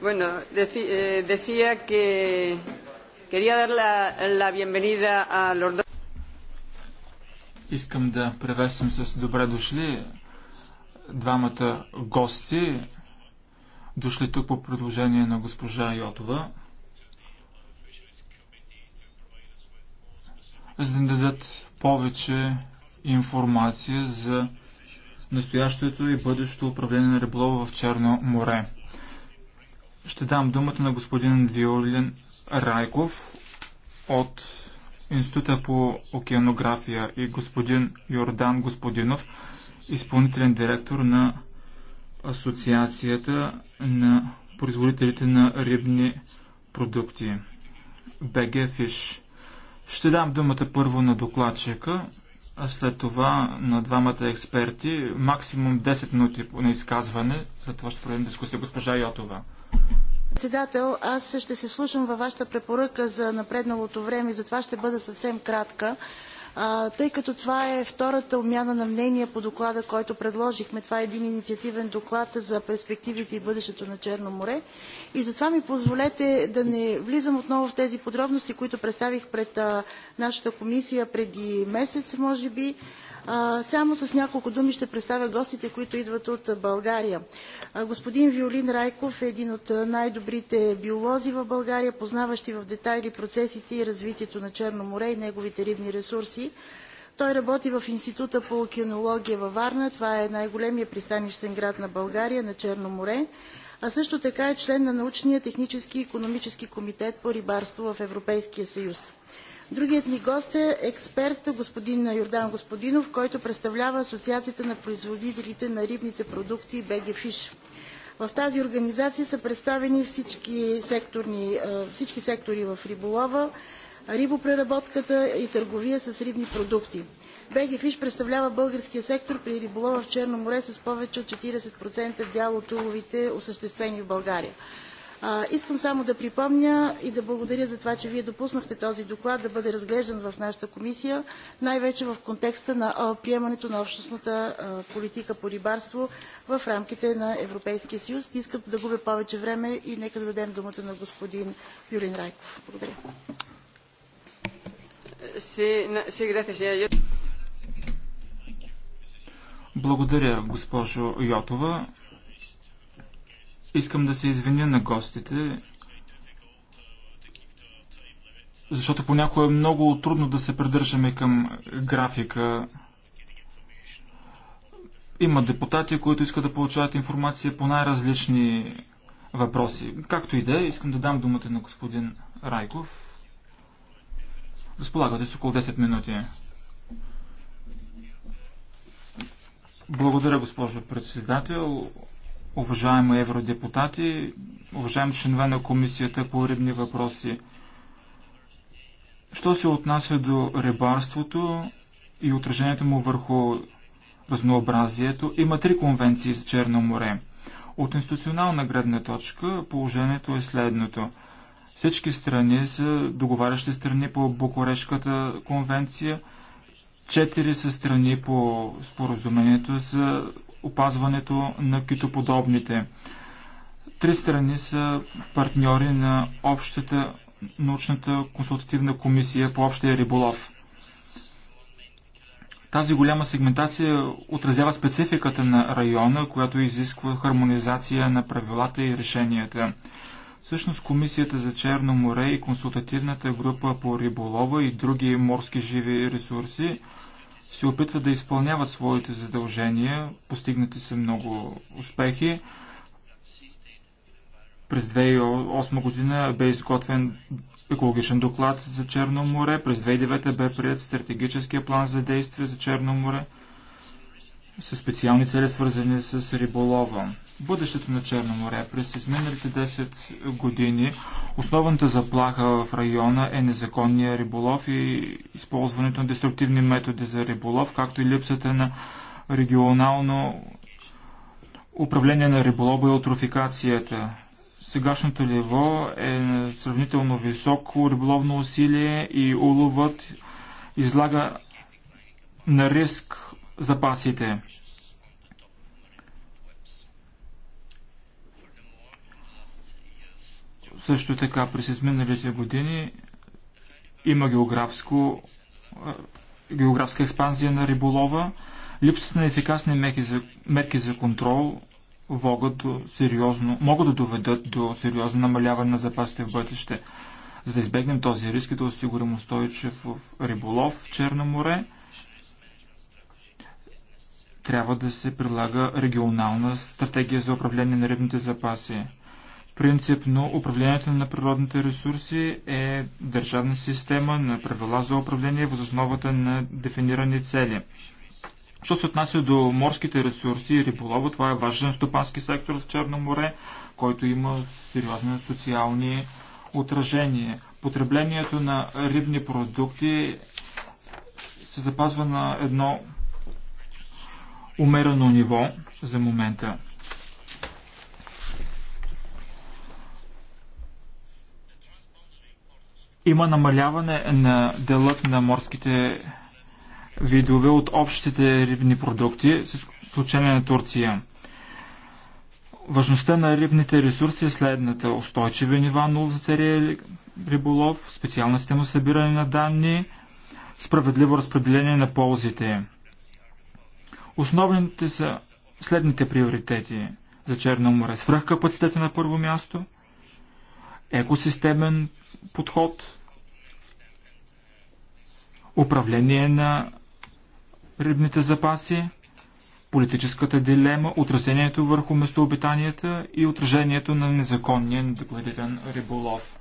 Bueno, eh, decía que quería dar la, la bienvenida a los dos. Искам да приветствам с добре дошли двамата гости, дошли тук по предложение на госпожа Йотова, за да дадат повече информация за настоящето и бъдещето управление на риболова в Черно море. Ще дам думата на господин Виолин Райков от Института по океанография и господин Йордан Господинов, изпълнителен директор на Асоциацията на производителите на рибни продукти БГ Fish. Ще дам думата първо на докладчика, а след това на двамата експерти, максимум 10 минути на изказване, след това ще проведем дискусия госпожа Йотова. Председател, аз ще се слушам във вашата препоръка за напредналото време, затова ще бъда съвсем кратка. А, тъй като това е втората обмяна на мнение по доклада, който предложихме. Това е един инициативен доклад за перспективите и бъдещето на Черно море. И затова ми позволете да не влизам отново в тези подробности, които представих пред а, нашата комисия преди месец, може би. Само с няколко думи ще представя гостите, които идват от България. Господин Виолин Райков е един от най-добрите биолози в България, познаващи в детайли процесите и развитието на Черно море и неговите рибни ресурси. Той работи в Института по океанология във Варна. Това е най-големия пристанищен град на България, на Черно море. А също така е член на научния, технически и економически комитет по рибарство в Европейския съюз. Другият ни гост е експерт господин Йордан Господинов, който представлява Асоциацията на производителите на рибните продукти BG Fish. В тази организация са представени всички, секторни, всички сектори в риболова, рибопреработката и търговия с рибни продукти. BG Fish представлява българския сектор при риболова в Черно море с повече от 40% дял от уловите, осъществени в България. А, искам само да припомня и да благодаря за това, че вие допуснахте този доклад да бъде разглеждан в нашата комисия, най-вече в контекста на а, приемането на общностната а, политика по рибарство в рамките на Европейския съюз. Не искам да губя повече време и нека да дадем думата на господин Юлин Райков. Благодаря. Благодаря, госпожо Йотова. Искам да се извиня на гостите, защото понякога е много трудно да се придържаме към графика. Има депутати, които искат да получават информация по най-различни въпроси. Както и да е, искам да дам думата на господин Райков. Разполагате с около 10 минути. Благодаря, госпожо председател уважаеми евродепутати, уважаеми членове на Комисията по рибни въпроси. Що се отнася до рибарството и отражението му върху разнообразието, има три конвенции за Черно море. От институционална гледна точка положението е следното. Всички страни са договарящи страни по Букурешката конвенция, четири са страни по споразумението за опазването на китоподобните. Три страни са партньори на общата научната консултативна комисия по общия риболов. Тази голяма сегментация отразява спецификата на района, която изисква хармонизация на правилата и решенията. Всъщност Комисията за Черно море и консултативната група по риболова и други морски живи ресурси се опитват да изпълняват своите задължения. Постигнати са много успехи. През 2008 година бе изготвен екологичен доклад за Черно море. През 2009 бе прият стратегическия план за действие за Черно море със специални цели, свързани с риболова. Бъдещето на Черно море през изминалите 10 години основната заплаха в района е незаконния риболов и използването на деструктивни методи за риболов, както и липсата на регионално управление на риболова и отрофикацията. Сегашното ниво е сравнително високо риболовно усилие и уловът излага на риск запасите. Също така през изминалите години има географско, географска експанзия на риболова. Липсата на ефикасни мерки за, мерки за контрол могат, до сериозно, могат да доведат до сериозно намаляване на запасите в бъдеще. За да избегнем този риск и да осигурим устойчив риболов в Черно море, трябва да се прилага регионална стратегия за управление на рибните запаси. Принципно управлението на природните ресурси е държавна система на правила за управление въз основата на дефинирани цели. Що се отнася до морските ресурси и риболова, това е важен стопански сектор в Черно море, който има сериозни социални отражения. Потреблението на рибни продукти се запазва на едно умерено ниво за момента. Има намаляване на делът на морските видове от общите рибни продукти, с изключение на Турция. Важността на рибните ресурси е следната. Устойчиви нива 0 за целия риболов, специална система събиране на данни, справедливо разпределение на ползите – Основните са следните приоритети за Черно море. Свръхкапацитета на първо място, екосистемен подход, управление на рибните запаси, политическата дилема, отразението върху местообитанията и отражението на незаконния недеклариран риболов.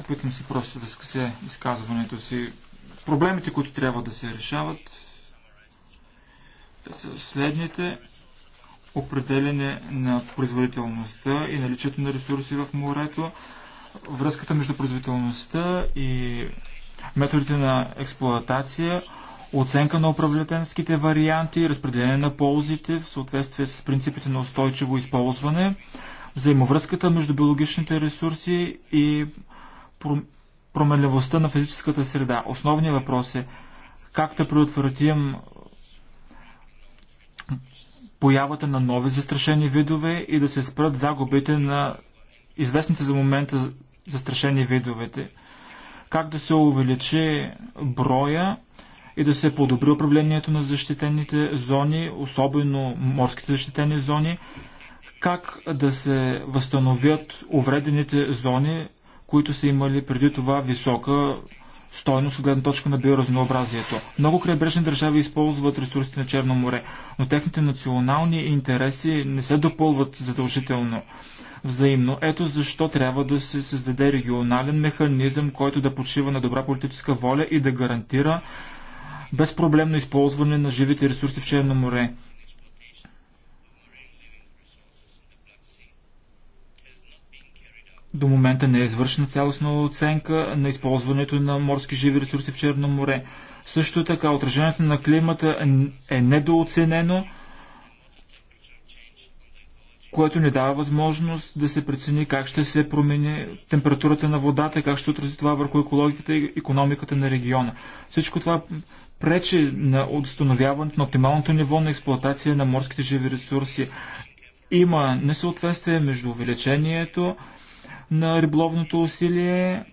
Опитам се просто да скъсе изказването си. Проблемите, които трябва да се решават, следните. Определене на производителността и наличието на ресурси в морето, връзката между производителността и методите на експлоатация, оценка на управленските варианти, разпределение на ползите в съответствие с принципите на устойчиво използване, взаимовръзката между биологичните ресурси и променливостта на физическата среда. Основният въпрос е как да предотвратим появата на нови застрашени видове и да се спрат загубите на известните за момента застрашени видовете. Как да се увеличи броя и да се подобри управлението на защитените зони, особено морските защитени зони, как да се възстановят увредените зони, които са имали преди това висока стойност от гледна точка на биоразнообразието. Много крайбрежни държави използват ресурсите на Черно море но техните национални интереси не се допълват задължително взаимно. Ето защо трябва да се създаде регионален механизъм, който да почива на добра политическа воля и да гарантира безпроблемно използване на живите ресурси в Черно море. До момента не е извършена цялостна оценка на използването на морски живи ресурси в Черно море. Също така отражението на климата е недооценено, което не дава възможност да се прецени как ще се промени температурата на водата, как ще отрази това върху екологията и економиката на региона. Всичко това пречи на установяването на оптималното ниво на експлоатация на морските живи ресурси. Има несъответствие между увеличението на риболовното усилие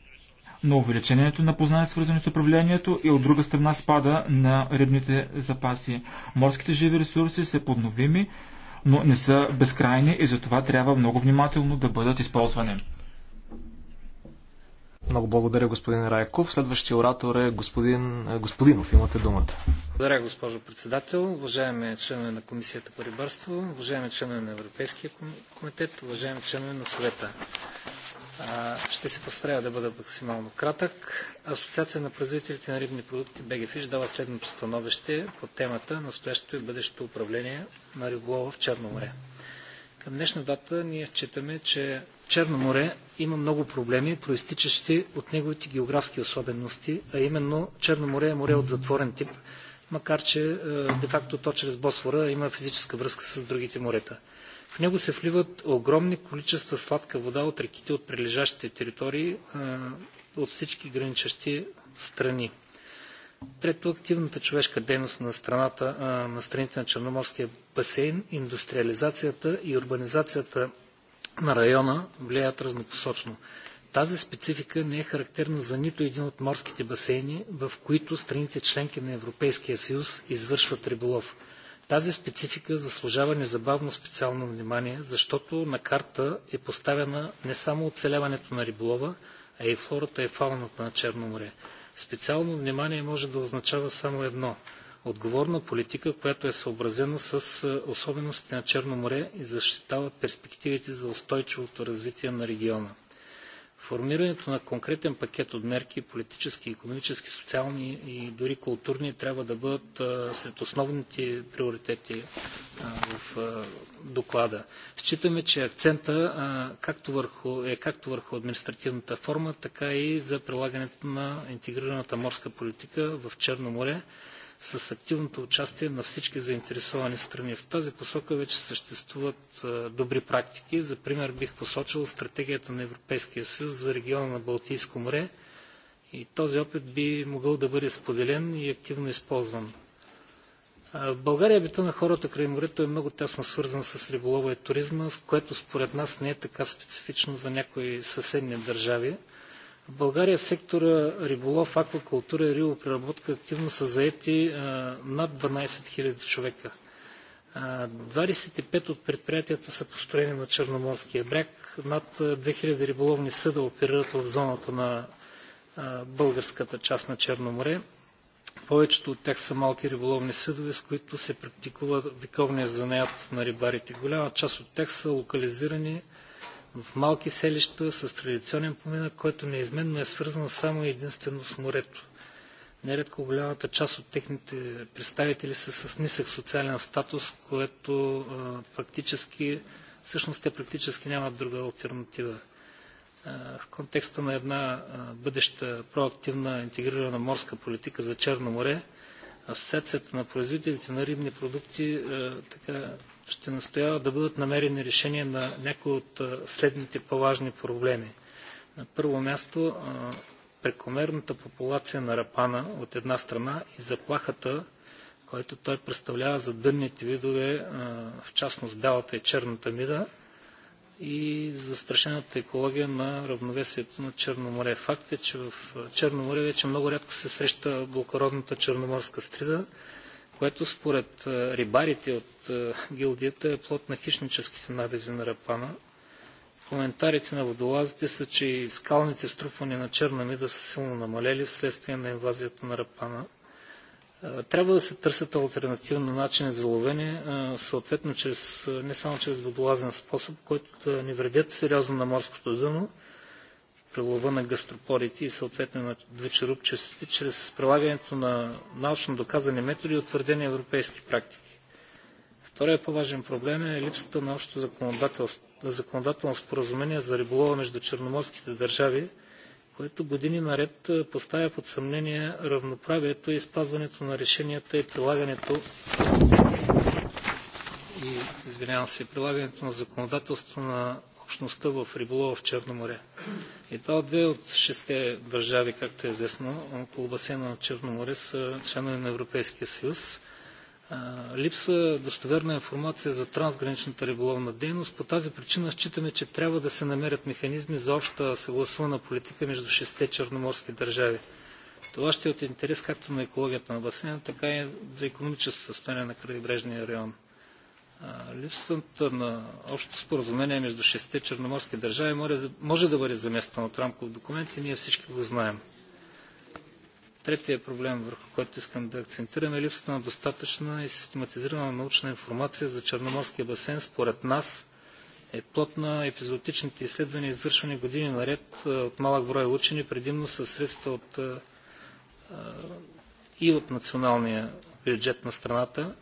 на увеличението на познания, свързани с управлението, и от друга страна спада на рибните запаси. Морските живи ресурси са подновими, но не са безкрайни и затова трябва много внимателно да бъдат използвани. Много благодаря, господин Райков. Следващия оратор е господин е, Господинов. Имате думата. Благодаря, госпожо председател. Уважаеми членове на Комисията по рибарство, уважаеми членове на Европейския комитет, уважаеми членове на съвета. Ще се постарая да бъда максимално кратък. Асоциация на производителите на рибни продукти БГФИШ дава следното становище по темата настоящето и бъдещето управление на риболова в Черно море. Към днешна дата ние считаме, че Черно море има много проблеми, проистичащи от неговите географски особености, а именно Черно море е море от затворен тип, макар че е, де-факто то чрез Босфора има физическа връзка с другите морета – в него се вливат огромни количества сладка вода от реките от прилежащите територии от всички граничащи страни. Трето, активната човешка дейност на, страната, на страните на Черноморския басейн, индустриализацията и урбанизацията на района влияят разнопосочно. Тази специфика не е характерна за нито един от морските басейни, в които страните членки на Европейския съюз извършват риболов. Тази специфика заслужава незабавно специално внимание, защото на карта е поставена не само оцеляването на риболова, а и флората и фауната на Черно море. Специално внимание може да означава само едно – отговорна политика, която е съобразена с е, особеностите на Черно море и защитава перспективите за устойчивото развитие на региона. Формирането на конкретен пакет от мерки, политически, економически, социални и дори културни, трябва да бъдат сред основните приоритети в доклада. Считаме, че акцента както върху, е както върху административната форма, така и за прилагането на интегрираната морска политика в Черно море, с активното участие на всички заинтересовани страни. В тази посока вече съществуват добри практики. За пример бих посочил стратегията на Европейския съюз за региона на Балтийско море и този опит би могъл да бъде споделен и активно използван. В България бита на хората край морето е много тясно свързан с риболова и туризма, което според нас не е така специфично за някои съседни държави. В България в сектора риболов, аквакултура и рибопреработка активно са заети над 12 000 човека. 25 от предприятията са построени на Черноморския бряг. Над 2000 риболовни съда оперират в зоната на българската част на Черно море. Повечето от тях са малки риболовни съдове, с които се практикува вековният занаят на рибарите. Голяма част от тях са локализирани в малки селища с традиционен поминък, който неизменно е свързан само и единствено с морето. Нередко голямата част от техните представители са с нисък социален статус, което практически, всъщност те практически нямат друга альтернатива. В контекста на една бъдеща проактивна интегрирана морска политика за Черно море, Асоциацията на производителите на рибни продукти така ще настоява да бъдат намерени решения на някои от следните по-важни проблеми. На първо място прекомерната популация на рапана от една страна и заплахата, който той представлява за дънните видове, в частност бялата и черната мида, и застрашената екология на равновесието на Черно море. Факт е, че в Черно море вече много рядко се среща блокородната черноморска стрида, което според рибарите от гилдията е плод на хищническите набези на рапана. Коментарите на водолазите са, че и скалните струпвания на черна мида са силно намалели вследствие на инвазията на рапана. Трябва да се търсят альтернативни начини за ловене, съответно чрез, не само чрез водолазен способ, който да не вредят сериозно на морското дъно, прилова на гастропорите и съответно на двечерупчестите, чрез прилагането на научно доказани методи и утвърдени европейски практики. Вторият по-важен проблем е липсата на общо законодателство законодателно споразумение за риболова между черноморските държави, което години наред поставя под съмнение равноправието и спазването на решенията и прилагането и, извинявам се, прилагането на законодателство на общността в риболова в Черно море. И това две от шесте държави, както е известно, около басейна на Черно море са членове на Европейския съюз. Липсва достоверна информация за трансграничната риболовна дейност. По тази причина считаме, че трябва да се намерят механизми за обща съгласувана политика между шесте черноморски държави. Това ще е от интерес както на екологията на басейна, така и за економическото състояние на крайбрежния район. Липсата на общото споразумение между шесте черноморски държави може да бъде заместено от рамков документ и ние всички го знаем. Третия проблем, върху който искам да акцентирам, е липсата на достатъчна и систематизирана научна информация за Черноморския басейн. Според нас е плод на епизодичните изследвания, извършвани години наред от малък брой учени, предимно със средства от, и от националния бюджет на страната,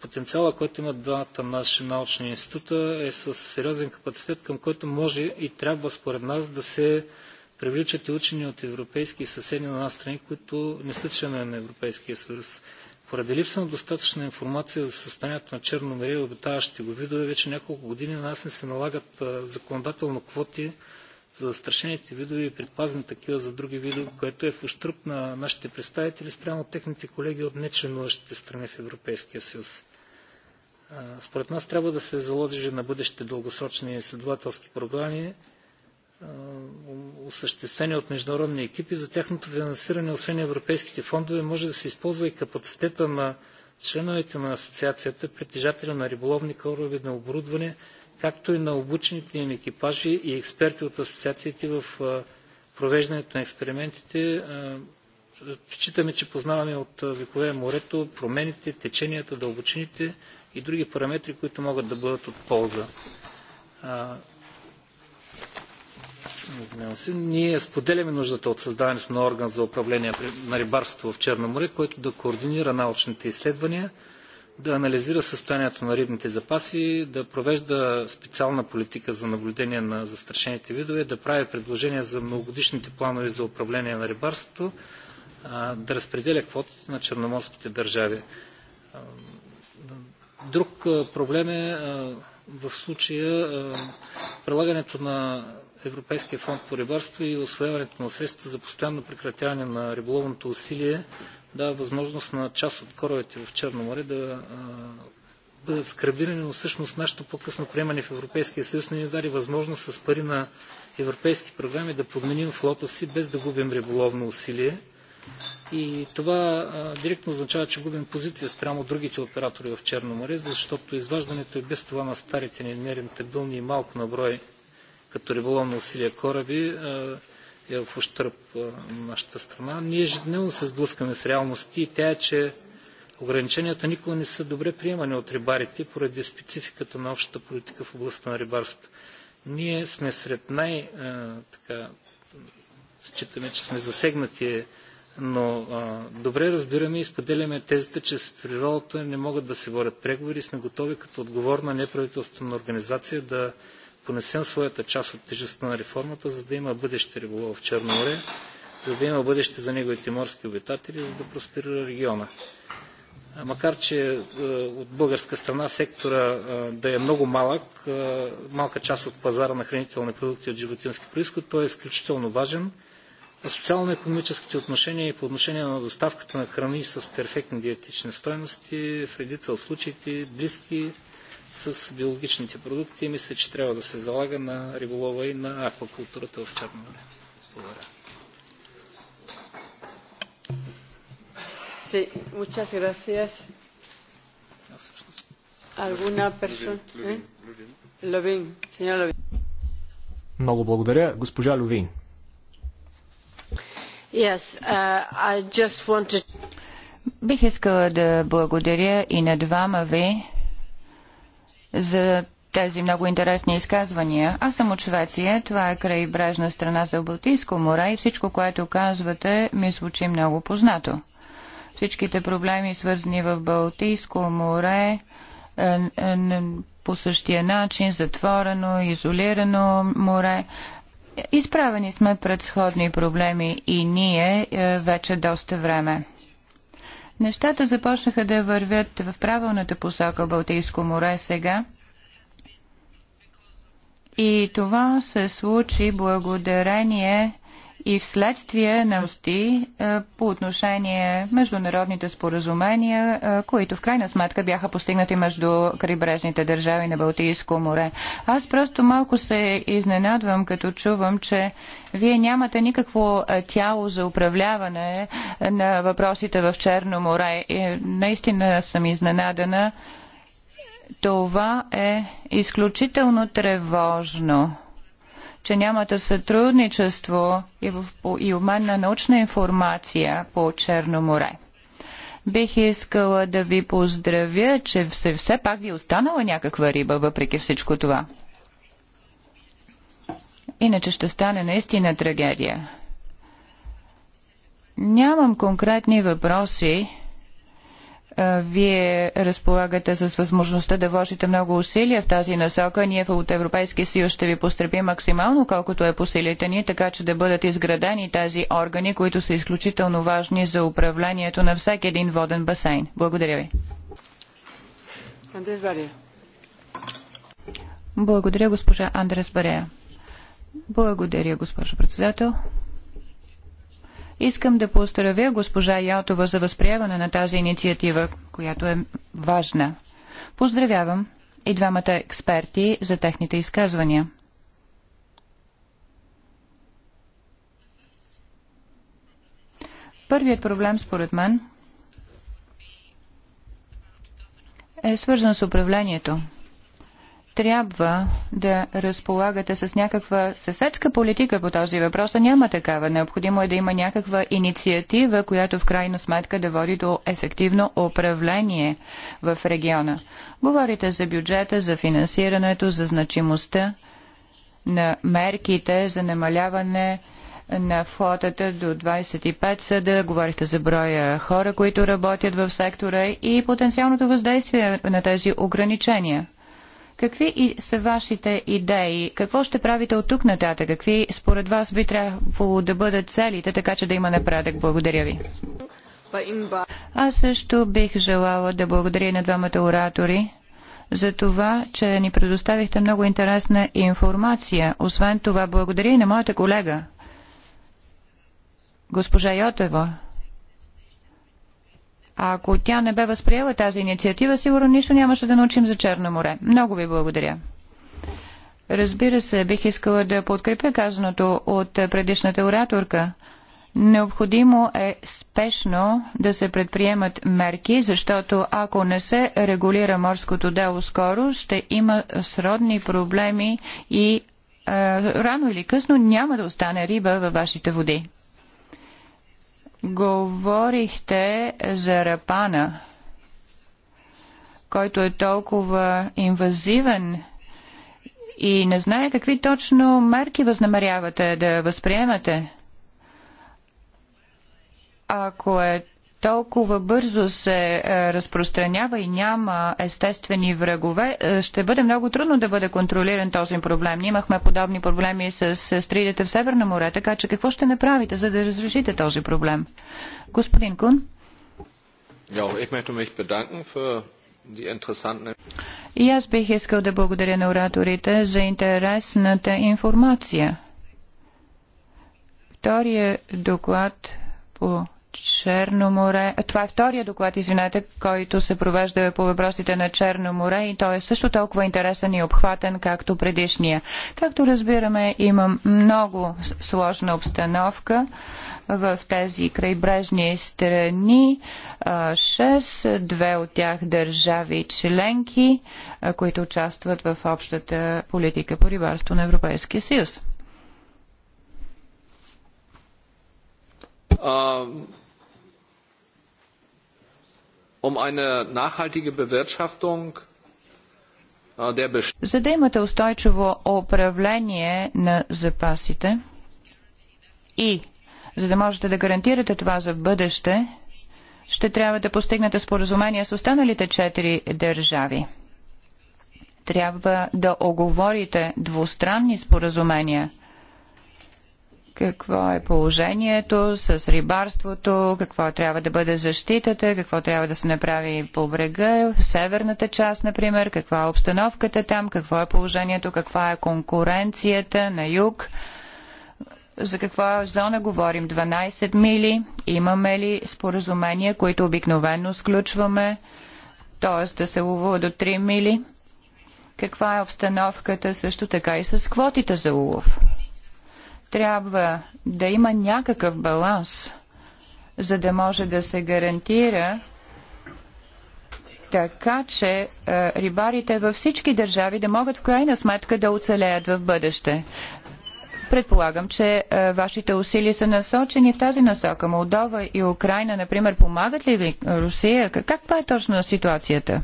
потенциала, който имат двата наши научни института, е с сериозен капацитет, към който може и трябва според нас да се привличат и учени от европейски и съседни на нас страни, които не са членове на Европейския съюз. Поради липса на достатъчна информация за състоянието на черно море и обитаващите го видове, вече няколко години на нас не се налагат законодателно квоти за застрашените видове и предпазни такива за други видове, което е в уштръп на нашите представители спрямо техните колеги от нечленуващите страни в Европейския съюз. Според нас трябва да се заложи на бъдещите дългосрочни изследователски програми, осъществени от международни екипи. За тяхното финансиране, освен европейските фондове, може да се използва и капацитета на членовете на асоциацията, притежатели на риболовни кораби, на оборудване, както и на обучените им екипажи и експерти от асоциациите в провеждането на експериментите. Считаме, че познаваме от векове морето промените, теченията, дълбочините и други параметри, които могат да бъдат от полза. Ние споделяме нуждата от създаването на орган за управление на рибарството в Черно море, който да координира научните изследвания, да анализира състоянието на рибните запаси, да провежда специална политика за наблюдение на застрашените видове, да прави предложения за многогодишните планове за управление на рибарството, да разпределя квотите на черноморските държави. Друг проблем е в случая прилагането на Европейския фонд по рибарство и освояването на средства за постоянно прекратяване на риболовното усилие дава възможност на част от корабите в Черно море да бъдат скрабирани, но всъщност нашето по-късно приемане в Европейския съюз не ни даде възможност с пари на европейски програми да подменим флота си, без да губим риболовно усилие. И това а, директно означава, че губим позиция спрямо другите оператори в Черно море, защото изваждането и е без това на старите ни нерентабилни и малко наброй като риболовно усилие кораби а, е в ущърп на нашата страна. Ние ежедневно се сблъскаме с реалности и тя е, че ограниченията никога не са добре приемани от рибарите поради спецификата на общата политика в областта на рибарството. Ние сме сред най- така, считаме, че сме засегнати, но а, добре разбираме и споделяме тезата, че с природата не могат да се водят преговори и сме готови като отговорна неправителствена организация да понесем своята част от тежестта на реформата, за да има бъдеще риболов в Черно море, за да има бъдеще за неговите морски обитатели, за да просперира региона. Макар, че е, от българска страна сектора е, да е много малък, е, малка част от пазара на хранителни продукти от животински происход, той е изключително важен. А социално-економическите отношения и по отношение на доставката на храни с перфектни диетични стоености, в редица от случаите близки с биологичните продукти. и Мисля, че трябва да се залага на риболова и на аквакултурата в Черно море. Благодаря. Sí, muchas gracias. ¿Alguna persona? Lovin, señor Lovin. Много благодаря. Госпожа Лювин. Yes, uh, I just wanted... Бих искала да благодаря и на двама ви за тези много интересни изказвания. Аз съм от Швеция, това е крайбрежна страна за Балтийско море и всичко, което казвате, ми звучи много познато. Всичките проблеми, свързани в Балтийско море, е, е, по същия начин, затворено, изолирано море. Изправени сме пред сходни проблеми и ние е, вече доста време. Нещата започнаха да вървят в правилната посока Балтийско море сега. И това се случи благодарение и вследствие на усти е, по отношение международните споразумения, е, които в крайна сметка бяха постигнати между крайбрежните държави на Балтийско море. Аз просто малко се изненадвам, като чувам, че вие нямате никакво е, тяло за управляване на въпросите в Черно море. И наистина съм изненадана. Това е изключително тревожно че нямате сътрудничество и, в, и мен на научна информация по Черно море. Бих искала да ви поздравя, че все, все пак ви е останала някаква риба, въпреки всичко това. Иначе ще стане наистина трагедия. Нямам конкретни въпроси вие разполагате с възможността да вложите много усилия в тази насока. Ние от Европейския съюз ще ви постъпим максимално колкото е по силите ни, така че да бъдат изградени тези органи, които са изключително важни за управлението на всеки един воден басейн. Благодаря ви. Благодаря, госпожа Андрес Барея. Благодаря, госпожо председател. Искам да поздравя госпожа Ялтова за възприемане на тази инициатива, която е важна. Поздравявам и двамата експерти за техните изказвания. Първият проблем, според мен, е свързан с управлението трябва да разполагате с някаква съседска политика по този въпрос, а няма такава. Необходимо е да има някаква инициатива, която в крайна сметка да води до ефективно управление в региона. Говорите за бюджета, за финансирането, за значимостта на мерките за намаляване на флотата до 25 съда, говорихте за броя хора, които работят в сектора и потенциалното въздействие на тези ограничения. Какви са вашите идеи? Какво ще правите от тук нататък? Какви според вас би трябвало да бъдат целите, така че да има напредък? Благодаря ви. Аз също бих желала да благодаря на двамата оратори за това, че ни предоставихте много интересна информация. Освен това, благодаря и на моята колега, госпожа Йотева, а ако тя не бе възприела тази инициатива, сигурно нищо нямаше да научим за Черно море. Много ви благодаря. Разбира се, бих искала да подкрепя казаното от предишната ораторка. Необходимо е спешно да се предприемат мерки, защото ако не се регулира морското дело скоро, ще има сродни проблеми и е, рано или късно няма да остане риба във вашите води. Говорихте за рапана, който е толкова инвазивен и не знае какви точно мерки възнамерявате да възприемате. Ако е толкова бързо се е, разпространява и няма естествени врагове, е, ще бъде много трудно да бъде контролиран този проблем. Ние имахме подобни проблеми с стридите в Северно море, така че какво ще направите, за да разрешите този проблем? Господин Кун? И аз бих искал да благодаря на ораторите за интересната информация. Втория доклад по Черно море. Това е втория доклад, извинете, който се провежда по въпросите на Черно море и той е също толкова интересен и обхватен, както предишния. Както разбираме, има много сложна обстановка в тези крайбрежни страни. Шест, две от тях държави членки, които участват в общата политика по рибарство на Европейския съюз um eine nachhaltige Bewirtschaftung äh, der Bestände. За да имате устойчиво управление на запасите и за да можете да гарантирате това за бъдеще, ще трябва да постигнете споразумение с останалите четири държави. Трябва да оговорите двустранни споразумения – какво е положението с рибарството, какво трябва да бъде защитата, какво трябва да се направи по брега, в северната част, например, каква е обстановката там, какво е положението, каква е конкуренцията на юг. За каква зона говорим? 12 мили? Имаме ли споразумения, които обикновено сключваме? Т.е. да се ловува до 3 мили? Каква е обстановката също така и с квотите за улов? трябва да има някакъв баланс, за да може да се гарантира така, че е, рибарите във всички държави да могат в крайна сметка да оцелеят в бъдеще. Предполагам, че е, вашите усилия са насочени в тази насока. Молдова и Украина, например, помагат ли ви Русия? Каква е точно ситуацията?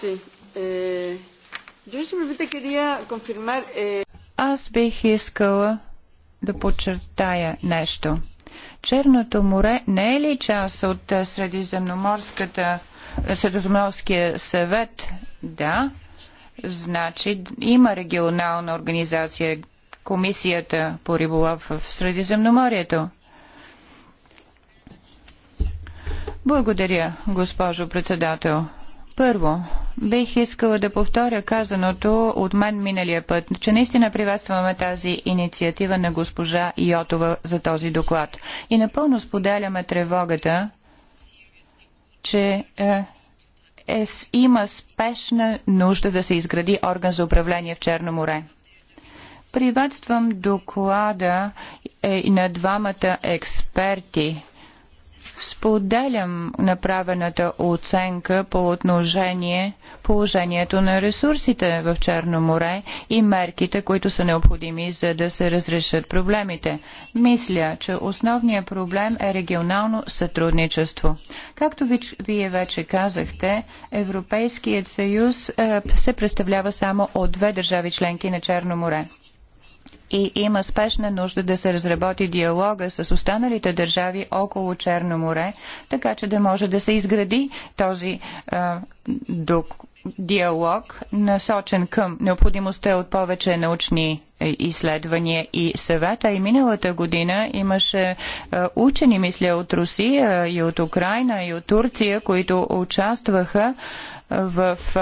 Sí. Eh, yo simplemente quería confirmar. Eh... Аз бих искала да подчертая нещо. Черното море не е ли част от е, Средиземноморската, е, Средиземноморския съвет? Да. Значи има регионална организация, комисията по риболов в Средиземноморието. Благодаря, госпожо председател. Първо, бих искала да повторя казаното от мен миналия път, че наистина приветстваме тази инициатива на госпожа Йотова за този доклад. И напълно споделяме тревогата, че е, е, има спешна нужда да се изгради орган за управление в Черно море. Приветствам доклада е, на двамата експерти Споделям направената оценка по отношение положението на ресурсите в Черно море и мерките, които са необходими за да се разрешат проблемите. Мисля, че основният проблем е регионално сътрудничество. Както вие вече казахте, Европейският съюз е, се представлява само от две държави членки на Черно море и има спешна нужда да се разработи диалога с останалите държави около Черно море, така че да може да се изгради този а, дух диалог, насочен към необходимостта от повече научни изследвания и съвета. И миналата година имаше е, учени, мисля, от Русия и от Украина и от Турция, които участваха е, в е,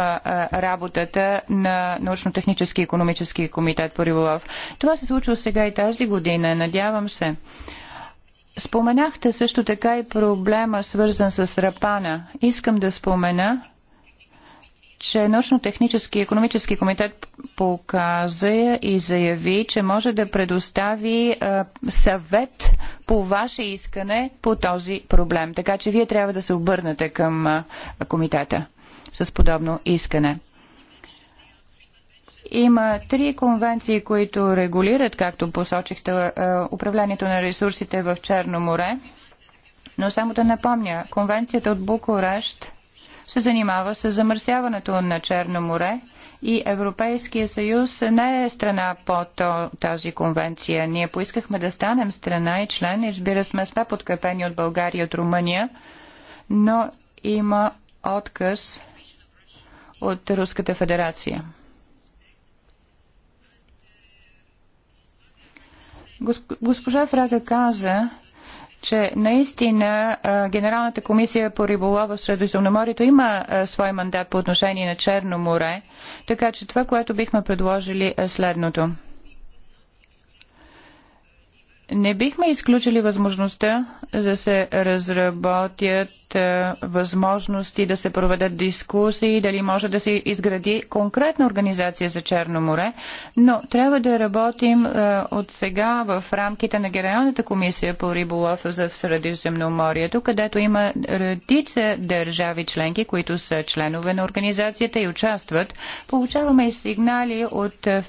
работата на научно-технически и економически комитет по риболов. Това се случва сега и тази година, надявам се. Споменахте също така и проблема, свързан с рапана. Искам да спомена, че научно-технически и економически комитет показа и заяви, че може да предостави а, е, съвет по ваше искане по този проблем. Така че вие трябва да се обърнете към а, е, комитета с подобно искане. Има три конвенции, които регулират, както посочихте, е, управлението на ресурсите в Черно море. Но само да напомня, конвенцията от Букурещ се занимава с замърсяването на Черно море и Европейския съюз не е страна по тази конвенция. Ние поискахме да станем страна и член, и разбира сме сме подкрепени от България и от Румъния, но има отказ от Руската федерация. Госпожа Фрага каза, че наистина Генералната комисия по риболова в Средиземноморието има свой мандат по отношение на Черно море, така че това, което бихме предложили е следното. Не бихме изключили възможността да се разработят е, възможности да се проведат дискусии, дали може да се изгради конкретна организация за Черно море, но трябва да работим е, от сега в рамките на Генералната комисия по риболов за Средиземноморието, където има редица държави членки, които са членове на организацията и участват. Получаваме и сигнали от е,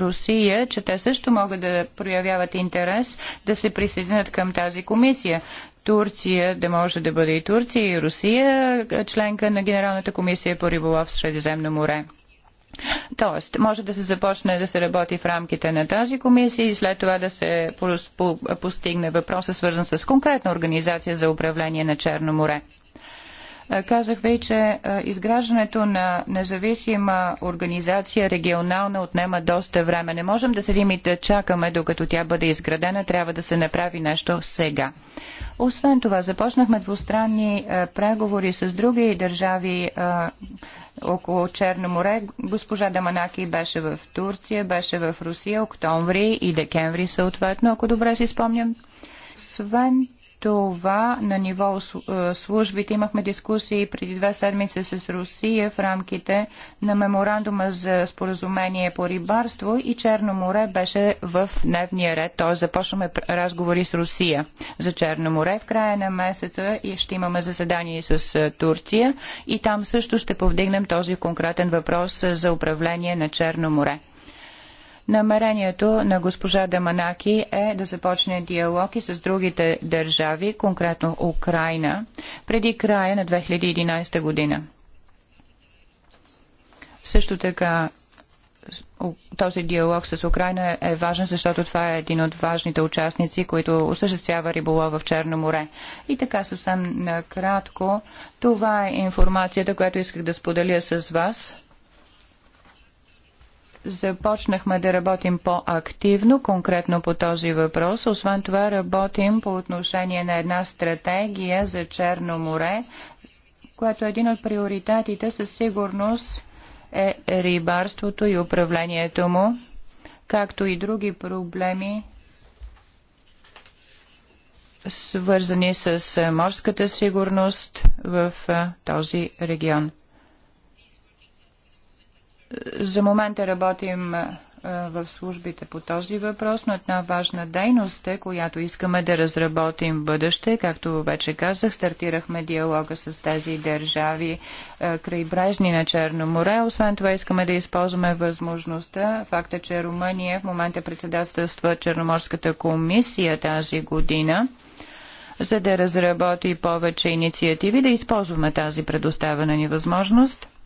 Русия, че те също могат да проявяват интерес да се присъединят към тази комисия. Турция да може да бъде и Турция, и Русия, членка на Генералната комисия по риболов в Средиземно море. Тоест, може да се започне да се работи в рамките на тази комисия и след това да се постигне въпроса, свързан с конкретна организация за управление на Черно море. Казах ви, че изграждането на независима организация регионална отнема доста време. Не можем да седим и да чакаме докато тя бъде изградена. Трябва да се направи нещо сега. Освен това, започнахме двустранни е, преговори с други държави е, около Черно море. Госпожа Даманаки беше в Турция, беше в Русия, октомври и декември съответно, ако добре си спомням. Освен това на ниво е, службите. Имахме дискусии преди две седмици с Русия в рамките на меморандума за споразумение по рибарство и Черно море беше в дневния ред, т.е. започваме разговори с Русия за Черно море. В края на месеца и ще имаме заседание с е, Турция и там също ще повдигнем този конкретен въпрос за управление на Черно море. Намерението на госпожа Даманаки е да започне диалог и с другите държави, конкретно Украина, преди края на 2011 година. Също така този диалог с Украина е важен, защото това е един от важните участници, които осъществява риболо в Черно море. И така съвсем накратко, това е информацията, която исках да споделя с вас започнахме да работим по-активно, конкретно по този въпрос. Освен това работим по отношение на една стратегия за Черно море, което е един от приоритетите със сигурност е рибарството и управлението му, както и други проблеми, свързани с морската сигурност в този регион. За момента работим в службите по този въпрос, но една важна дейност е, която искаме да разработим в бъдеще. Както вече казах, стартирахме диалога с тези държави крайбрежни на Черно море. Освен това искаме да използваме възможността, факта, че Румъния в момента председателства Черноморската комисия тази година за да разработи повече инициативи, да използваме тази предоставена ни възможност –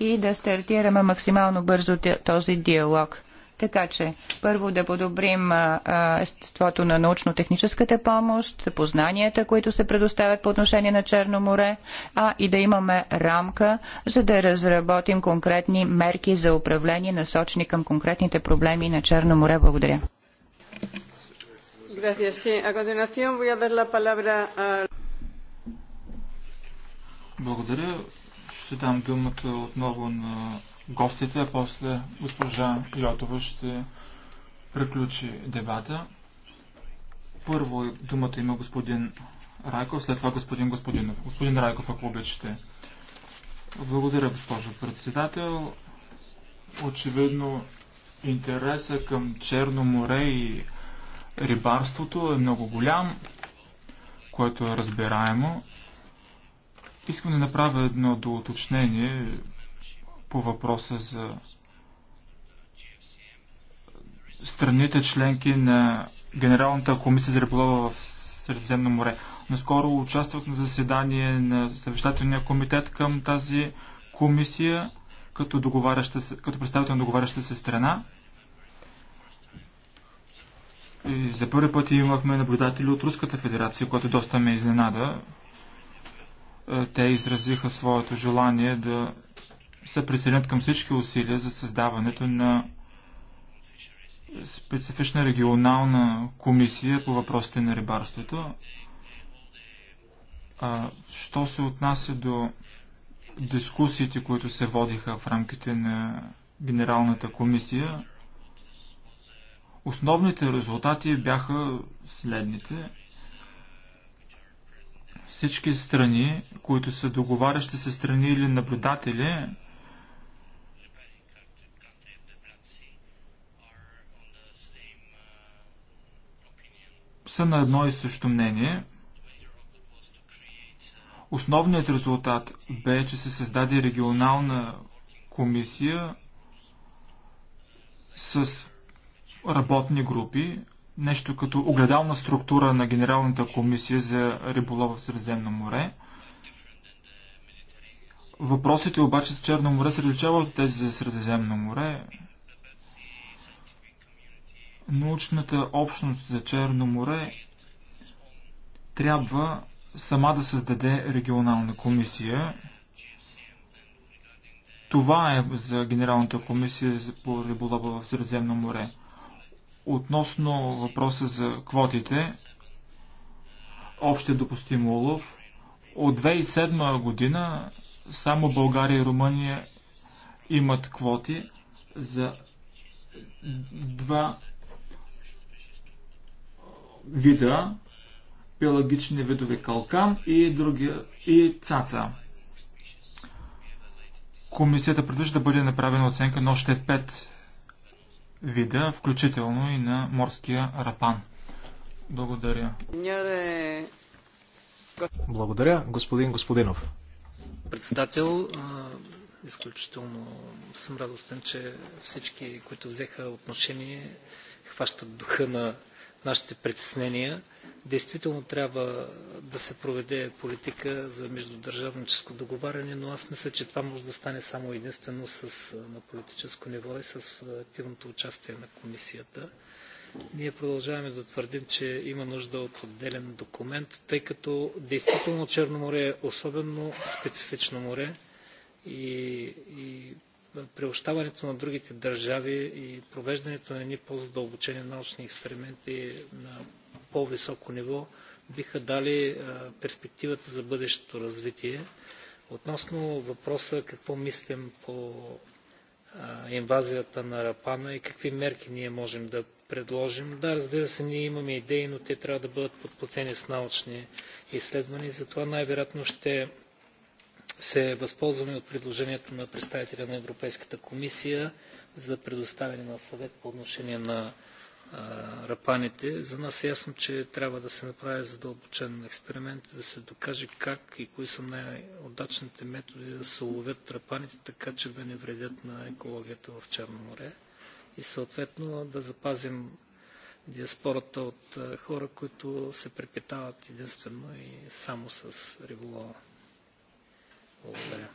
и да стартираме максимално бързо този диалог. Така че, първо да подобрим естеството на научно-техническата помощ, познанията, които се предоставят по отношение на Черно море, а и да имаме рамка, за да разработим конкретни мерки за управление, насочени към конкретните проблеми на Черно море. Благодаря. Благодаря. Ще дам думата отново на гостите, а после госпожа Йотова ще приключи дебата. Първо думата има господин Райков, след това господин Господинов. Господин Райков, ако обичате. Благодаря, госпожо председател. Очевидно, интереса към Черно море и рибарството е много голям, което е разбираемо. Искам да направя едно доуточнение по въпроса за страните членки на Генералната комисия за риболова в Средиземно море. Наскоро участвах на заседание на съвещателния комитет към тази комисия като, като представител на договаряща се страна. И за първи път имахме наблюдатели от Руската федерация, което доста ме изненада, е, те изразиха своето желание да се присъединят към всички усилия за създаването на специфична регионална комисия по въпросите на рибарството. А, що се отнася до дискусиите, които се водиха в рамките на Генералната комисия, основните резултати бяха следните – всички страни, които са договарящи се страни или наблюдатели, са на едно и също мнение. Основният резултат бе, че се създаде регионална комисия с работни групи, нещо като огледална структура на Генералната комисия за риболова в Средиземно море. Въпросите обаче с Черно море се различават от тези за Средиземно море. Научната общност за Черно море трябва сама да създаде регионална комисия. Това е за Генералната комисия по риболова в Средиземно море. Относно въпроса за квотите, общия допустим улов, от 2007 година само България и Румъния имат квоти за два вида биологични видове калкан и, други, и цаца. Комисията предвижда да бъде направена оценка на още 5 вида, включително и на морския рапан. Благодаря. Благодаря, господин Господинов. Председател, изключително съм радостен, че всички, които взеха отношение, хващат духа на нашите притеснения. Действително трябва да се проведе политика за междудържавническо договаряне, но аз мисля, че това може да стане само единствено с, на политическо ниво и с активното участие на комисията. Ние продължаваме да твърдим, че има нужда от отделен документ, тъй като действително Черно море е особено специфично море и, и приобщаването на другите държави и провеждането на едни по-задълбочени научни експерименти на по-високо ниво биха дали е, перспективата за бъдещето развитие. Относно въпроса какво мислим по е, инвазията на Рапана и какви мерки ние можем да предложим. Да, разбира се, ние имаме идеи, но те трябва да бъдат подплатени с научни изследвания. Затова най-вероятно ще се възползваме от предложението на представителя на Европейската комисия за предоставяне на съвет по отношение на рапаните. За нас е ясно, че трябва да се направи задълбочен експеримент, да се докаже как и кои са най-удачните методи да се уловят рапаните, така че да не вредят на екологията в Черно море и съответно да запазим диаспората от хора, които се препитават единствено и само с риболова. Благодаря.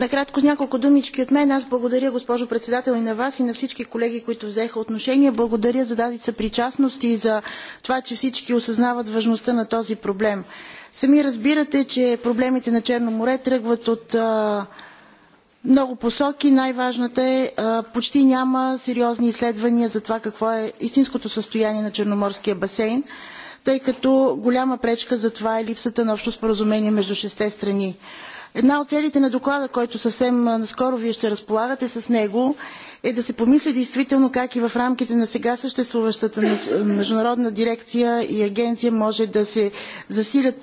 Накратко с няколко думички от мен. Аз благодаря, госпожо председател, и на вас, и на всички колеги, които взеха отношение. Благодаря за тази съпричастност и за това, че всички осъзнават важността на този проблем. Сами разбирате, че проблемите на Черно море тръгват от много посоки. Най-важната е, почти няма сериозни изследвания за това какво е истинското състояние на Черноморския басейн, тъй като голяма пречка за това е липсата на общо споразумение между шесте страни. Една от целите на доклада, който съвсем наскоро вие ще разполагате с него, е да се помисли действително как и в рамките на сега съществуващата международна дирекция и агенция може да се засилят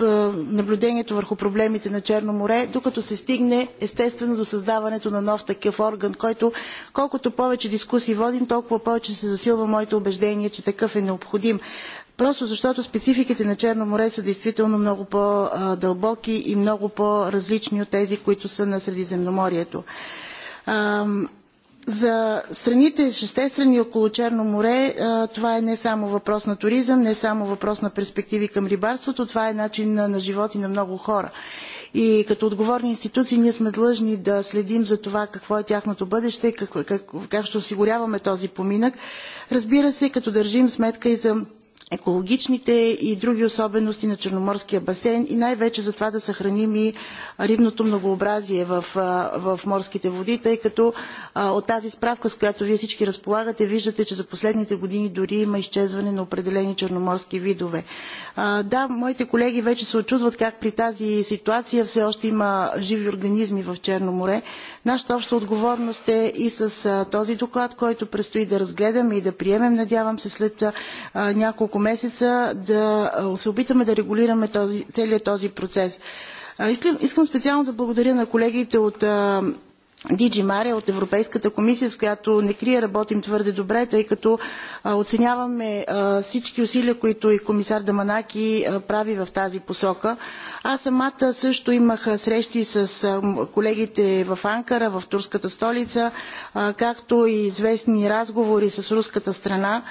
наблюдението върху проблемите на Черно море, докато се стигне естествено до създаването на нов такъв орган, който колкото повече дискусии водим, толкова повече се засилва моето убеждение, че такъв е необходим. Просто защото спецификите на Черно море са действително много по-дълбоки и много по-различни от тези, които са на Средиземноморието. За страните, шесте страни около Черно море, това е не само въпрос на туризъм, не само въпрос на перспективи към рибарството, това е начин на, на живот и на много хора. И като отговорни институции ние сме длъжни да следим за това какво е тяхното бъдеще, как, как, как ще осигуряваме този поминък. Разбира се, като държим сметка и за екологичните и други особености на Черноморския басейн и най-вече за това да съхраним и рибното многообразие в, в морските води, тъй като а, от тази справка, с която вие всички разполагате, виждате, че за последните години дори има изчезване на определени черноморски видове. А, да, моите колеги вече се очудват как при тази ситуация все още има живи организми в Черно море, Нашата обща отговорност е и с този доклад, който предстои да разгледаме и да приемем, надявам се след няколко месеца, да се опитаме да регулираме този, целият този процес. Искам специално да благодаря на колегите от DG Mare от Европейската комисия, с която не крия работим твърде добре, тъй като оценяваме всички усилия, които и комисар Даманаки прави в тази посока. Аз самата също имах срещи с колегите в Анкара, в турската столица, както и известни разговори с руската страна.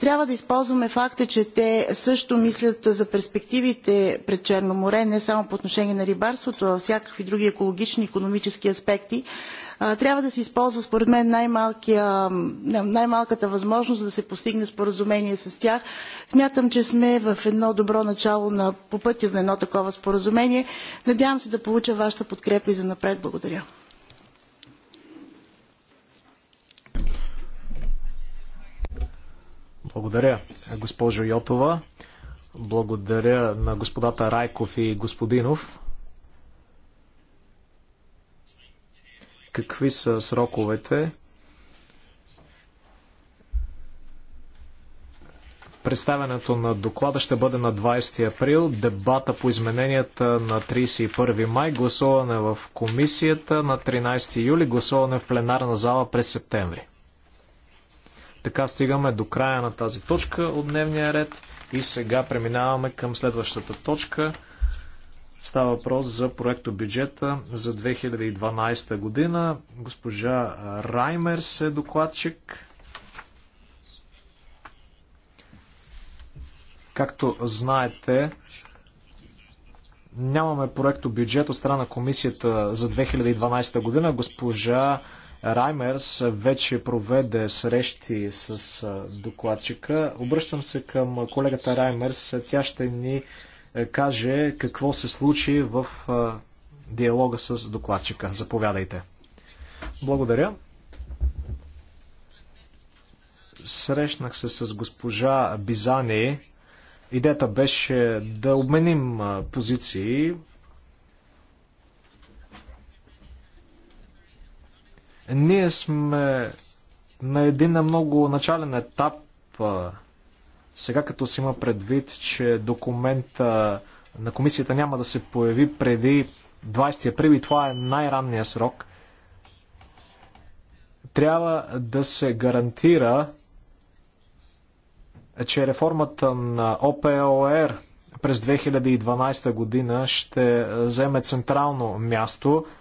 Трябва да използваме факта, че те също мислят за перспективите пред Черно море, не само по отношение на рибарството, а всякакви други екологични, и економически аспекти трябва да се използва според мен най-малката възможност да се постигне споразумение с тях. Смятам, че сме в едно добро начало на, по пътя за едно такова споразумение. Надявам се да получа вашата подкрепа и за напред. Благодаря. Благодаря, госпожо Йотова. Благодаря на господата Райков и господинов. какви са сроковете. Представянето на доклада ще бъде на 20 април, дебата по измененията на 31 май, гласуване в комисията на 13 юли, гласуване в пленарна зала през септември. Така стигаме до края на тази точка от дневния ред и сега преминаваме към следващата точка – Става въпрос за проекто бюджета за 2012 година. Госпожа Раймерс е докладчик. Както знаете, нямаме проекто бюджет от страна комисията за 2012 година. Госпожа Раймерс вече проведе срещи с докладчика. Обръщам се към колегата Раймерс. Тя ще ни е, каже какво се случи в е, диалога с докладчика. Заповядайте. Благодаря. Срещнах се с госпожа Бизани. Идеята беше да обменим е, позиции. Ние сме на един много начален етап сега като се има предвид, че документа на комисията няма да се появи преди 20 април и това е най-ранния срок, трябва да се гарантира, че реформата на ОПОР през 2012 година ще вземе централно място –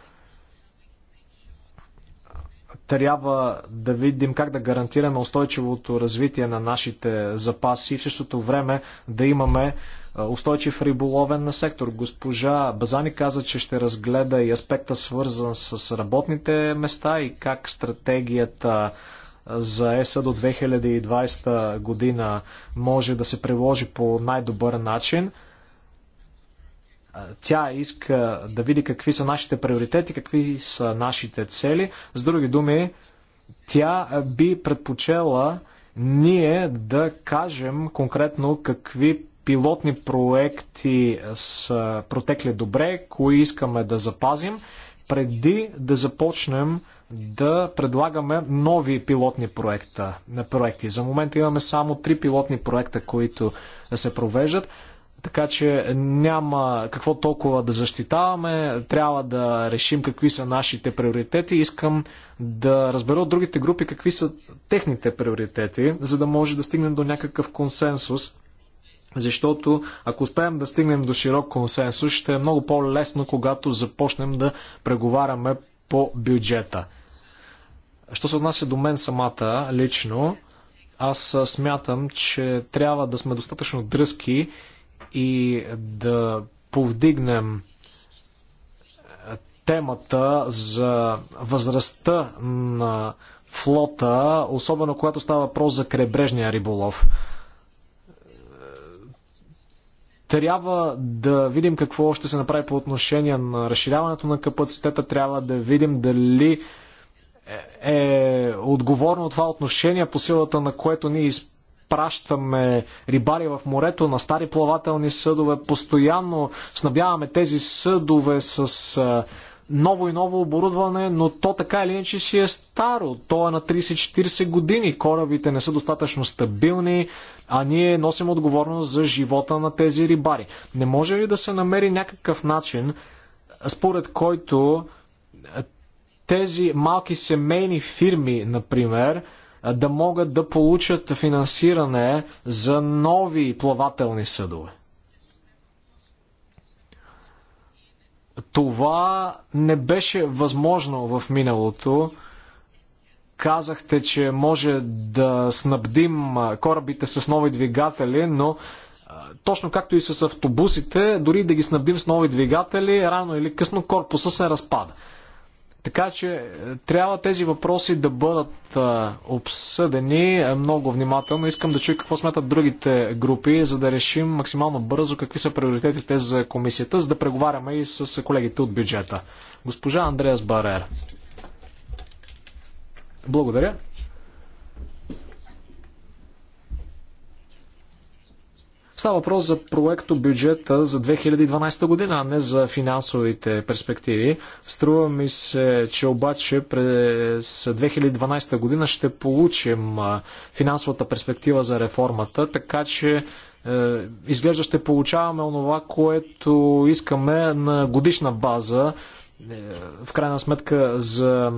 трябва да видим как да гарантираме устойчивото развитие на нашите запаси и в същото време да имаме е, устойчив риболовен сектор. Госпожа Базани каза, че ще разгледа и аспекта свързан с работните места и как стратегията е, за ЕСА до 2020 година може да се приложи по най-добър начин – тя иска да види какви са нашите приоритети, какви са нашите цели. С други думи, тя би предпочела ние да кажем конкретно какви пилотни проекти са протекли добре, кои искаме да запазим, преди да започнем да предлагаме нови пилотни проекта, проекти. За момента имаме само три пилотни проекта, които се провеждат. Така че няма какво толкова да защитаваме, трябва да решим какви са нашите приоритети. Искам да разбера от другите групи какви са техните приоритети, за да може да стигнем до някакъв консенсус. Защото ако успеем да стигнем до широк консенсус, ще е много по-лесно, когато започнем да преговаряме по бюджета. Що се отнася до мен самата лично, аз смятам, че трябва да сме достатъчно дръзки и да повдигнем темата за възрастта на флота, особено когато става въпрос за крайбрежния риболов. Трябва да видим какво ще се направи по отношение на разширяването на капацитета. Трябва да видим дали е, е отговорно това отношение, по силата на което ние изпълняваме Пращаме рибари в морето на стари плавателни съдове, постоянно снабяваме тези съдове с ново и ново оборудване, но то така или иначе си е старо. То е на 30-40 години. Корабите не са достатъчно стабилни, а ние носим отговорност за живота на тези рибари. Не може ли да се намери някакъв начин, според който тези малки семейни фирми, например, да могат да получат финансиране за нови плавателни съдове. Това не беше възможно в миналото. Казахте, че може да снабдим корабите с нови двигатели, но точно както и с автобусите, дори да ги снабдим с нови двигатели, рано или късно корпуса се разпада. Така че е, трябва тези въпроси да бъдат а, е, обсъдени е, много внимателно. Искам да чуя какво смятат другите групи, за да решим максимално бързо какви са приоритетите за комисията, за да преговаряме и с колегите от бюджета. Госпожа Андреас Барер. Благодаря. Става въпрос за проекто бюджета за 2012 година, а не за финансовите перспективи. Струва ми се, че обаче през 2012 година ще получим финансовата перспектива за реформата, така че е, изглежда ще получаваме онова, което искаме на годишна база. Е, в крайна сметка за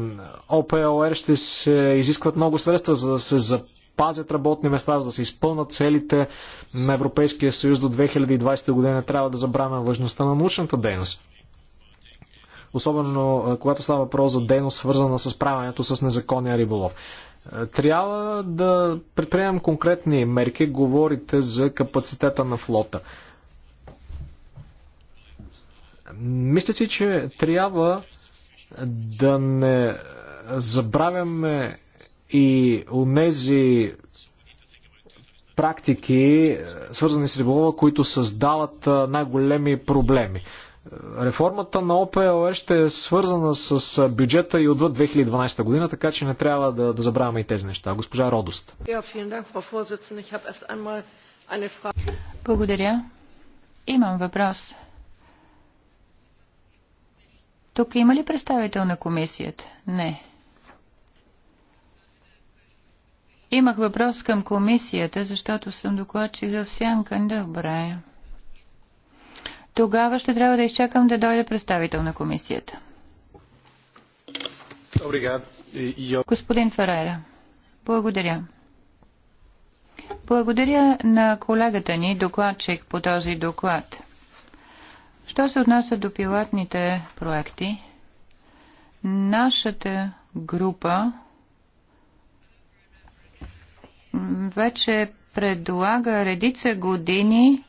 ОПЛР ще се изискват много средства, за да се запази Пазят работни места, за да се изпълнат целите на Европейския съюз до 2020 година. Не трябва да забравяме важността на научната дейност. Особено когато става въпрос за дейност, свързана с правенето с незаконния риболов. Трябва да предприемем конкретни мерки. Говорите за капацитета на флота. Мисля си, че трябва да не забравяме и онези практики, свързани с риболова, които създават най-големи проблеми. Реформата на ОПЛ ще е свързана с бюджета и отвъд 2012 година, така че не трябва да, да забравяме и тези неща. Госпожа Родост. Благодаря. Имам въпрос. Тук има ли представител на комисията? Не. Имах въпрос към комисията, защото съм докладчик за сянка. Добре. Тогава ще трябва да изчакам да дойде представител на комисията. Господин Ферера, благодаря. Благодаря на колегата ни, докладчик по този доклад. Що се отнася до пилотните проекти, нашата група вече предлага редица години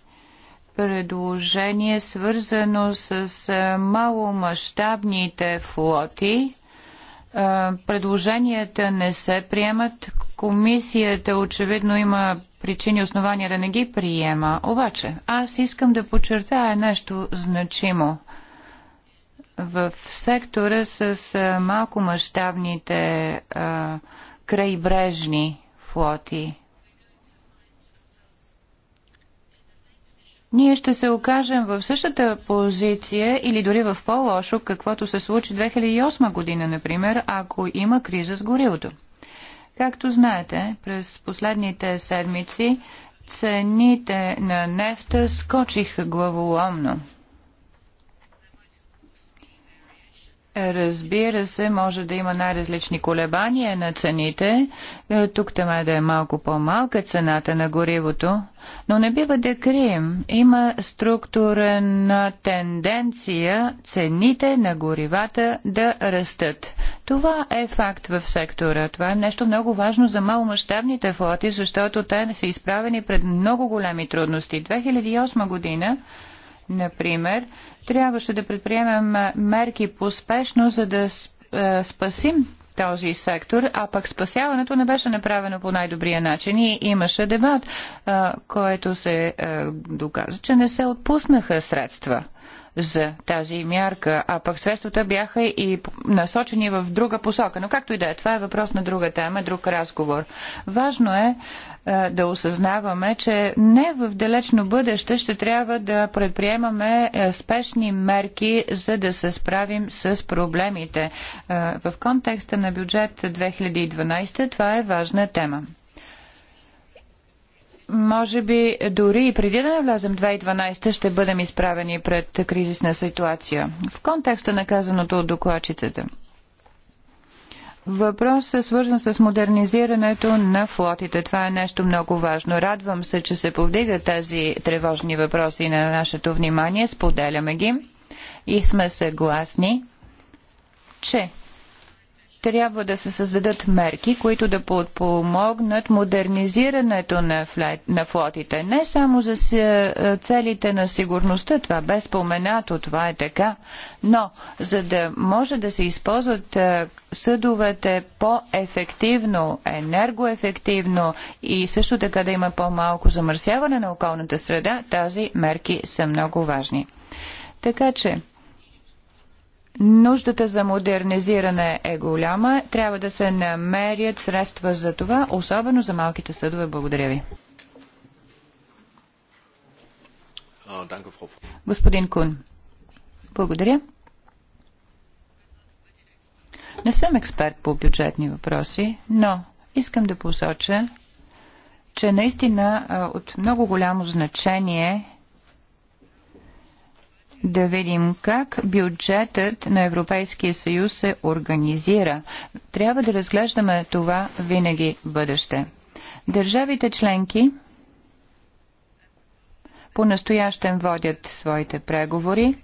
предложение, свързано с маломащабните флоти. Предложенията не се приемат. Комисията очевидно има причини основания да не ги приема. Обаче, аз искам да подчертая нещо значимо. В сектора с малкомащабните крайбрежни флоти. Ние ще се окажем в същата позиция или дори в по-лошо, каквото се случи 2008 година, например, ако има криза с горилото. Както знаете, през последните седмици цените на нефта скочиха главоломно. Разбира се, може да има най-различни колебания на цените. Е, тук тема е да е малко по-малка цената на горивото, но не бива да крием. Има структурна тенденция цените на горивата да растат. Това е факт в сектора. Това е нещо много важно за маломащабните флоти, защото те са изправени пред много големи трудности. 2008 година например, трябваше да предприемем мерки поспешно, за да е, спасим този сектор, а пък спасяването не беше направено по най-добрия начин и имаше дебат, е, който се е, доказа, че не се отпуснаха средства за тази мярка, а пък средствата бяха и насочени в друга посока. Но както и да е, това е въпрос на друга тема, друг разговор. Важно е е, да осъзнаваме, че не в далечно бъдеще ще трябва да предприемаме е, спешни мерки, за да се справим с проблемите. Е, в контекста на бюджет 2012 това е важна тема може би дори и преди да навлязем 2012 ще бъдем изправени пред кризисна ситуация. В контекста на казаното от докладчицата – Въпросът е свързан с модернизирането на флотите. Това е нещо много важно. Радвам се, че се повдигат тези тревожни въпроси на нашето внимание. Споделяме ги и сме съгласни, че трябва да се създадат мерки, които да подпомогнат модернизирането на, флет, на флотите. Не само за е, целите на сигурността, това бе споменато, това е така, но за да може да се използват е, съдовете по-ефективно, енергоефективно и също така да има по-малко замърсяване на околната среда, тази мерки са много важни. Така че, Нуждата за модернизиране е голяма. Трябва да се намерят средства за това, особено за малките съдове. Благодаря ви. Господин Кун, благодаря. Не съм експерт по бюджетни въпроси, но искам да посоча, че наистина от много голямо значение да видим как бюджетът на Европейския съюз се организира. Трябва да разглеждаме това винаги в бъдеще. Държавите членки по настоящен водят своите преговори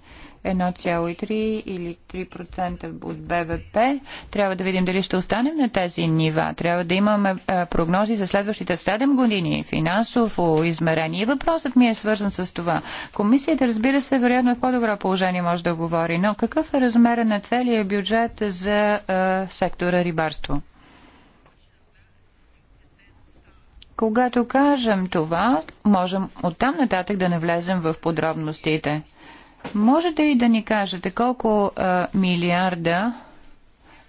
1,3 или 3% от БВП. Трябва да видим дали ще останем на тези нива. Трябва да имаме прогнози за следващите 7 години, финансово измерение. И въпросът ми е свързан с това. Комисията, разбира се, вероятно е в по-добро положение може да говори, но какъв е размера на целия бюджет за е, сектора рибарство? Когато кажем това, можем оттам нататък да не влезем в подробностите – Можете ли да ни кажете колко а, милиарда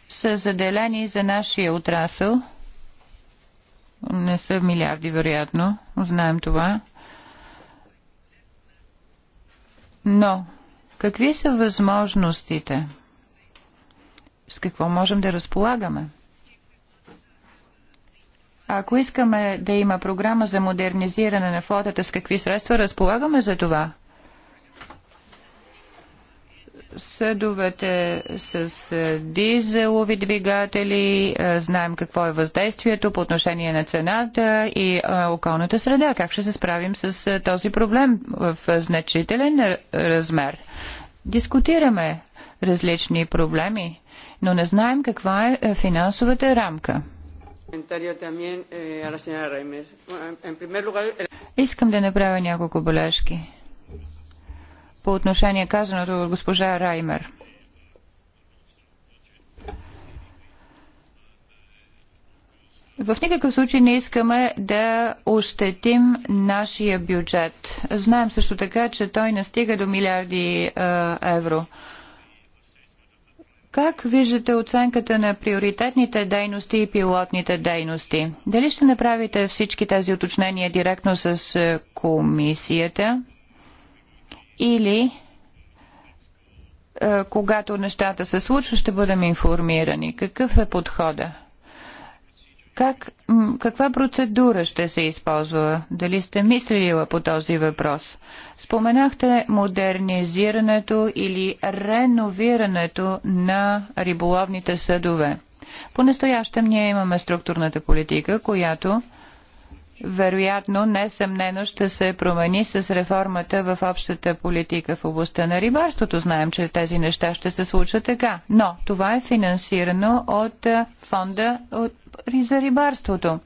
са заделени за нашия отрасъл? Не са милиарди, вероятно. Знаем това. Но, какви са възможностите? С какво можем да разполагаме? Ако искаме да има програма за модернизиране на флотата, с какви средства разполагаме за това? съдовете с дизелови двигатели. Знаем какво е въздействието по отношение на цената и околната среда. Как ще се справим с този проблем в значителен размер? Дискутираме различни проблеми, но не знаем каква е финансовата рамка. Искам да направя няколко бележки по отношение казаното от госпожа Раймер. В никакъв случай не искаме да ощетим нашия бюджет. Знаем също така, че той настига до милиарди е, евро. Как виждате оценката на приоритетните дейности и пилотните дейности? Дали ще направите всички тези уточнения директно с е, комисията? или е, когато нещата се случват, ще бъдем информирани. Какъв е подхода? Как, каква процедура ще се използва? Дали сте мислила по този въпрос? Споменахте модернизирането или реновирането на риболовните съдове. По-настоящем ние имаме структурната политика, която вероятно, несъмнено ще се промени с реформата в общата политика в областта на рибарството. Знаем, че тези неща ще се случат така. Но това е финансирано от фонда от, за рибарството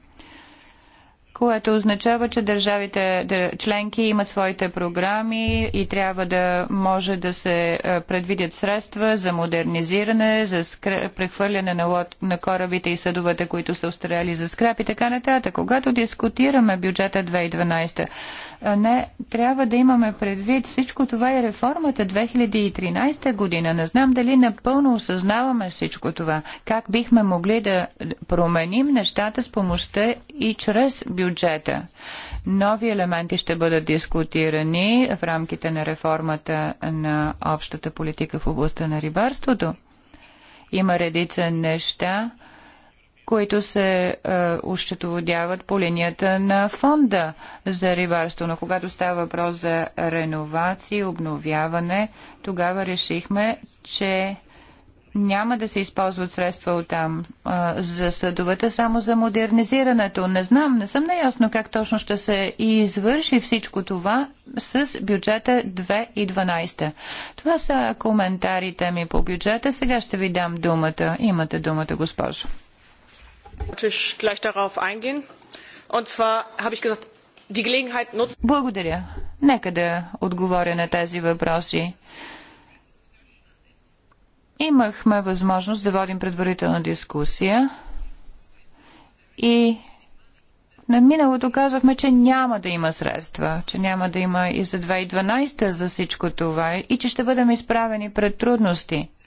което означава, че държавите членки имат своите програми и трябва да може да се е, предвидят средства за модернизиране, за скр... прехвърляне на, лод... на корабите и съдовете, които са устарели за скрап и така нататък. Когато дискутираме бюджета 2012, не трябва да имаме предвид всичко това и реформата 2013 година. Не знам дали напълно осъзнаваме всичко това. Как бихме могли да променим нещата с помощта и чрез бюджета. Нови елементи ще бъдат дискутирани в рамките на реформата на общата политика в областта на рибарството. Има редица неща, които се е, ощетоводяват по линията на фонда за рибарство. Но когато става въпрос за реновации, обновяване, тогава решихме, че няма да се използват средства от там а, е, за съдовете, само за модернизирането. Не знам, не съм наясно как точно ще се извърши всичко това с бюджета 2012. Това са коментарите ми по бюджета. Сега ще ви дам думата. Имате думата, госпожо. Благодаря. Нека да отговоря на тези въпроси. Имахме възможност да водим предварителна дискусия и на миналото казахме, че няма да има средства, че няма да има и за 2012 за всичко това и че ще бъдем изправени пред трудности –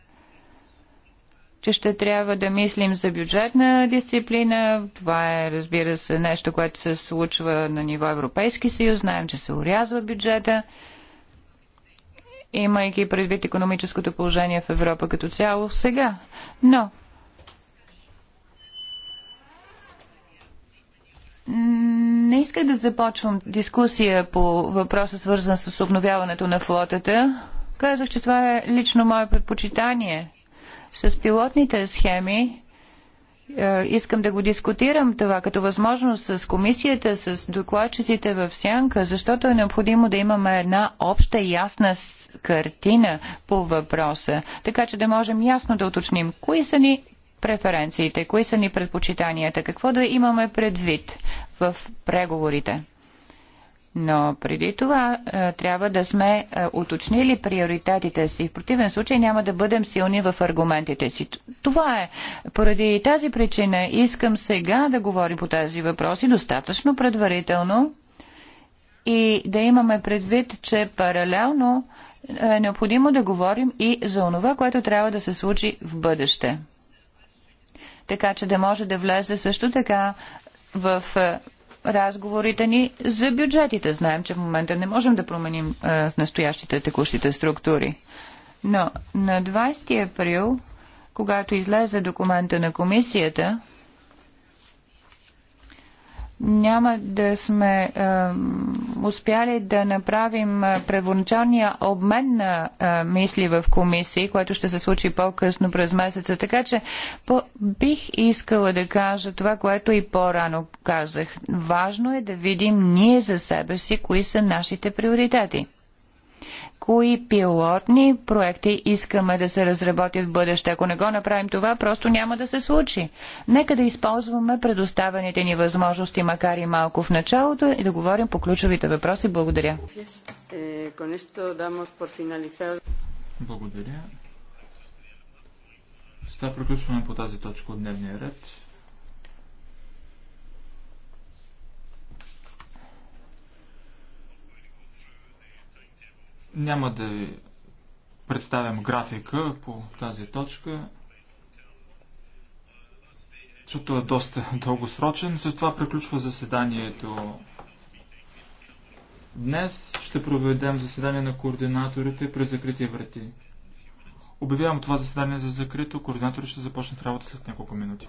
че ще трябва да мислим за бюджетна дисциплина. Това е, разбира се, нещо, което се случва на ниво Европейски съюз. Знаем, че се урязва бюджета. Имайки предвид економическото положение в Европа като цяло сега. Но Не исках да започвам дискусия по въпроса, свързан с обновяването на флотата. Казах, че това е лично мое предпочитание. С пилотните схеми е, искам да го дискутирам това като възможност с комисията, с докладчиците в сянка, защото е необходимо да имаме една обща ясна картина по въпроса, така че да можем ясно да уточним кои са ни преференциите, кои са ни предпочитанията, какво да имаме предвид в преговорите. Но преди това е, трябва да сме е, уточнили приоритетите си. В противен случай няма да бъдем силни в аргументите си. Това е. Поради тази причина искам сега да говори по тези въпроси достатъчно предварително и да имаме предвид, че паралелно е, е необходимо да говорим и за онова, което трябва да се случи в бъдеще. Така че да може да влезе също така в разговорите ни за бюджетите. Знаем, че в момента не можем да променим а, е, настоящите текущите структури. Но на 20 април, когато излезе документа на комисията, няма да сме е, успяли да направим превоначалния обмен на е, мисли в комисии, което ще се случи по-късно през месеца. Така че по- бих искала да кажа това, което и по-рано казах. Важно е да видим ние за себе си кои са нашите приоритети кои пилотни проекти искаме да се разработят в бъдеще. Ако не го направим това, просто няма да се случи. Нека да използваме предоставените ни възможности, макар и малко в началото, и да говорим по ключовите въпроси. Благодаря. Благодаря. С това приключваме по тази точка от дневния ред. Няма да ви представям графика по тази точка, защото е доста дългосрочен. С това приключва заседанието. Днес ще проведем заседание на координаторите при закрити врати. Обявявам това заседание за закрито. Координаторите ще започнат работа след няколко минути.